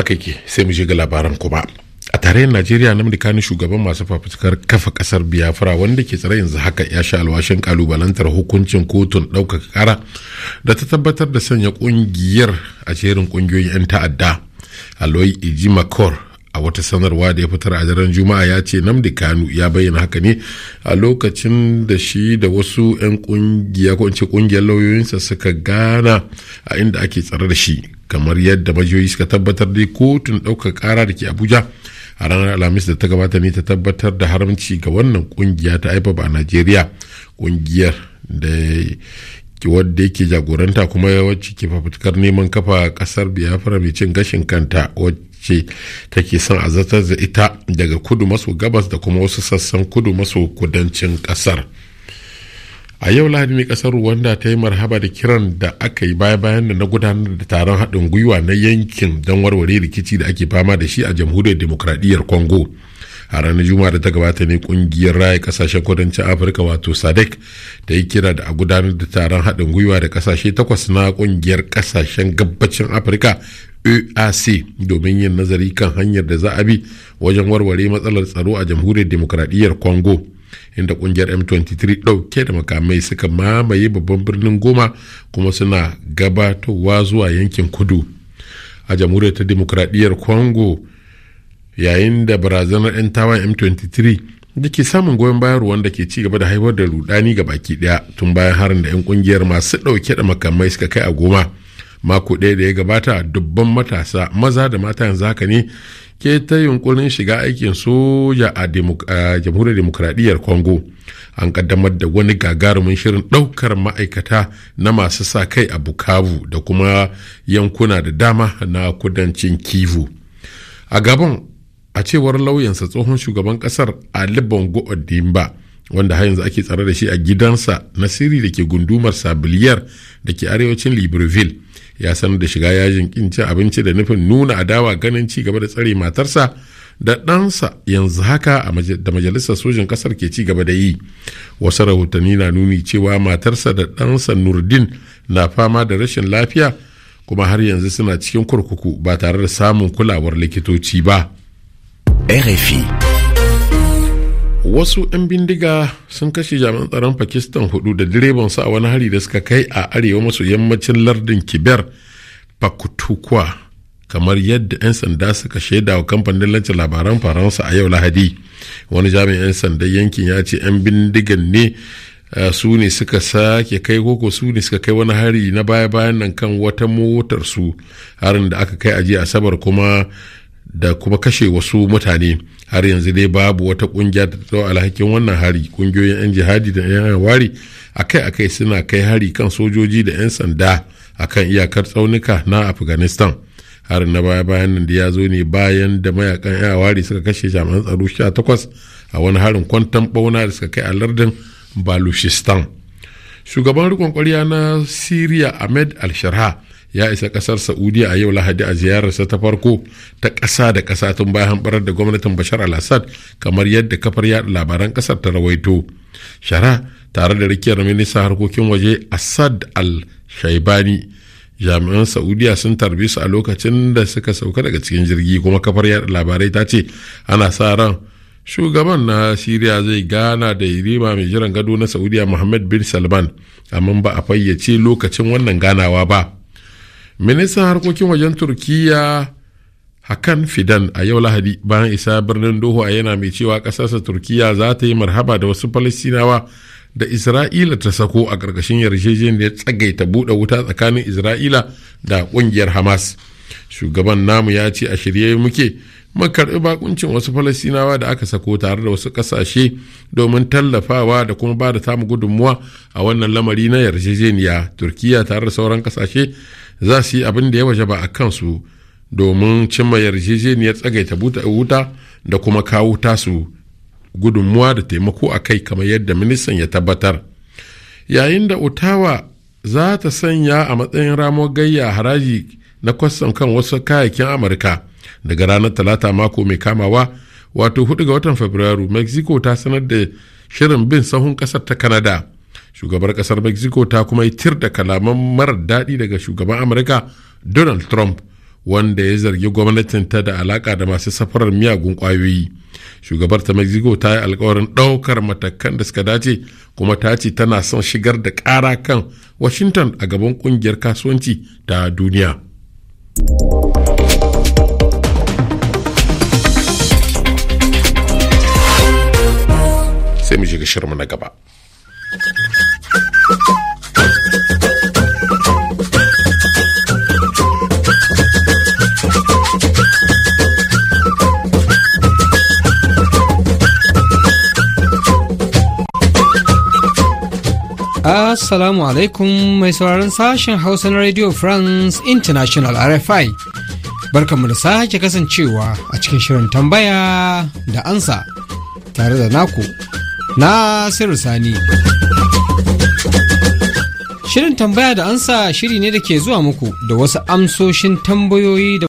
haka yake sai mu je ga labaran kuma a tarayyar najeriya namdi kani shugaban masu fafutukar kafa kasar biafra wanda ke tsare yanzu haka ya sha alwashin kalubalantar hukuncin kotun ɗaukaka kara da ta tabbatar da sanya kungiyar a jerin kungiyoyin 'yan ta'adda aloy iji a wata sanarwa da ya fitar a daren juma'a ya ce namdi kanu ya bayyana haka ne a lokacin da shi da wasu 'yan kungiya ko ce kungiyar lauyoyinsa suka gana a inda ake tsare da shi kamar yadda majiyoyi suka tabbatar da kotun ɗaukar kara da ke abuja a ranar alhamis da ta gabata ne ta tabbatar da haramci ga wannan kungiya ta aibaba a najeriya kungiyar da wadda yake jagoranta kuma wacce ke fafutukar neman kafa kasar biafra mai cin gashin kanta wacce take son a zartar da ita daga kudu maso gabas da kuma wasu sassan kudu maso kudancin kasar a yau lahadi kasar rwanda ta yi marhaba da kiran da aka yi baya bayan da na gudanar da taron haɗin gwiwa na yankin don warware rikici da ake fama da shi a jamhuriyar demokradiyyar congo a ranar juma'a da ta gabata ne kungiyar raya kasashen kudancin afirka wato sadek da yi kira da a gudanar da taron haɗin gwiwa da kasashe takwas na kungiyar kasashen gabacin afirka oac domin yin nazari kan hanyar da za a bi wajen warware matsalar tsaro a jamhuriyar demokradiyyar congo inda kungiyar m23 ɗauke da makamai suka mamaye babban birnin goma kuma suna gabatowa zuwa yankin kudu a jamhuriyar ta demokradiyyar congo yayin da barazanar 'yan tawa m23 da ke samun goyon bayan ruwan da ke ci gaba da haifar da rudani ga baki daya tun bayan harin da 'yan kungiyar masu dauke da makamai suka kai a goma mako ɗaya da ya gabata dubban matasa maza da mata yanzu haka ne ke ta yunkurin shiga aikin soja a jamhuriyar demokradiyyar congo an kaddamar da wani gagarumin shirin ɗaukar ma'aikata na masu sa kai a bukavu da kuma yankuna da dama na kudancin kivu a gabon a cewar lauyansa tsohon shugaban kasar a bongo odimba wanda har yanzu ake tsare da shi a gidansa na sirri da ke gundumar sabiliyar da ke arewacin libreville ya sanar da shiga yajin kin abinci da nufin nuna adawa ganin ci gaba da tsare matarsa da ɗansa yanzu haka da majalisar sojin ƙasar ke ci gaba da yi wasu rahotanni na nuni cewa matarsa da ɗansa nurdin na fama da rashin lafiya kuma har yanzu suna cikin kurkuku ba tare da samun kulawar likitoci ba. RFI. Wasu 'yan bindiga sun kashe jami'an tsaron Pakistan hudu da direban su a wani hari da suka kai a arewa maso yammacin lardin Kiber Pakutukwa kamar yadda 'yan sanda suka shaida wa kamfanin lancin labaran Faransa a yau Lahadi. Wani jami'in 'yan sandan yankin ya ce 'yan bindigan ne eh, su ne suka sake kai koko su ne suka kai wani hari na baya-bayan nan kan wata motar su harin da aka kai a jiya asabar kuma da kuma kashe wasu mutane har yanzu dai babu wata kungiya da ta alhakin wannan hari kungiyoyin 'yan jihadi da 'yan wari akai-akai suna kai hari kan sojoji da 'yan sanda akan iyakar tsaunuka na afghanistan har na baya bayan nan da ya zo ne bayan da mayakan 'yan wari suka kashe jami'an tsaro takwas a wani harin kwantan bauna da suka kai a lardin balushistan shugaban rikon kwarya na syria ahmed al-sharha ya isa kasar saudiya a yau lahadi a ziyararsa ta farko ta kasa da kasa tun bayan hamɓarar da gwamnatin bashar al-assad kamar yadda kafar yada labaran kasar ta rawaito shara tare da rikiyar minista harkokin waje assad al-shaibani jami'an saudiya sun tarbe su a lokacin da suka sauka daga cikin jirgi kuma kafar yada labarai ta ce ana sa ran shugaban na siriya zai gana da yarima mai jiran gado na saudiya muhammad bin salman amma ba a fayyace lokacin wannan ganawa ba ministan harkokin wajen turkiyya hakan fidan a yau lahadi bayan isa birnin doho a yana mai cewa ƙasarsa turkiyya za ta yi marhaba da wasu falastinawa da isra'ila ta sako a ƙarƙashin yarjejeniyar tsagaita buɗe wuta tsakanin isra'ila da ƙungiyar hamas shugaban namu ya ce a shirye muke karɓi bakuncin wasu falastinawa da aka sako tare da wasu ƙasashe domin tallafawa da kuma ba da tamu gudunmuwa a wannan lamari na yarjejeniya turkiyya tare da sauran ƙasashe za su yi abin da ya waje ba a kansu domin cimma yarjejeniyar tsagaita wuta da kuma kawo tasu gudunmuwa da taimako a kai kamar yadda ministan ya tabbatar yayin da otawa za ta sanya a matsayin ramo gayya haraji na kwastam kan wasu kayayyakin amurka daga ranar talata mako mai kamawa wato 4 ga watan fabrairu mexico ta sanar da shirin bin sahun kasar ta kanada. shugabar kasar mexico ta kuma yi tir da kalaman mara daɗi daga shugaban amurka donald trump wanda ya zargi gwamnatinta da alaka da masu safarar miyagun kwayoyi shugabar ta mexico ta yi alkawarin ɗaukar matakan da suka dace kuma ta ce tana son shigar da ƙara kan washington a gaban ƙungiyar kasuwanci ta duniya sai mu shiga shirma na gaba Assalamu alaikum mai sauraron sashen Hausa na Radio France International RFI. Barkanmu da sake kasancewa a cikin shirin tambaya da ansa tare da naku Nasiru Sani. Shirin tambaya da ansa shiri ne da ke zuwa muku da wasu amsoshin tambayoyi da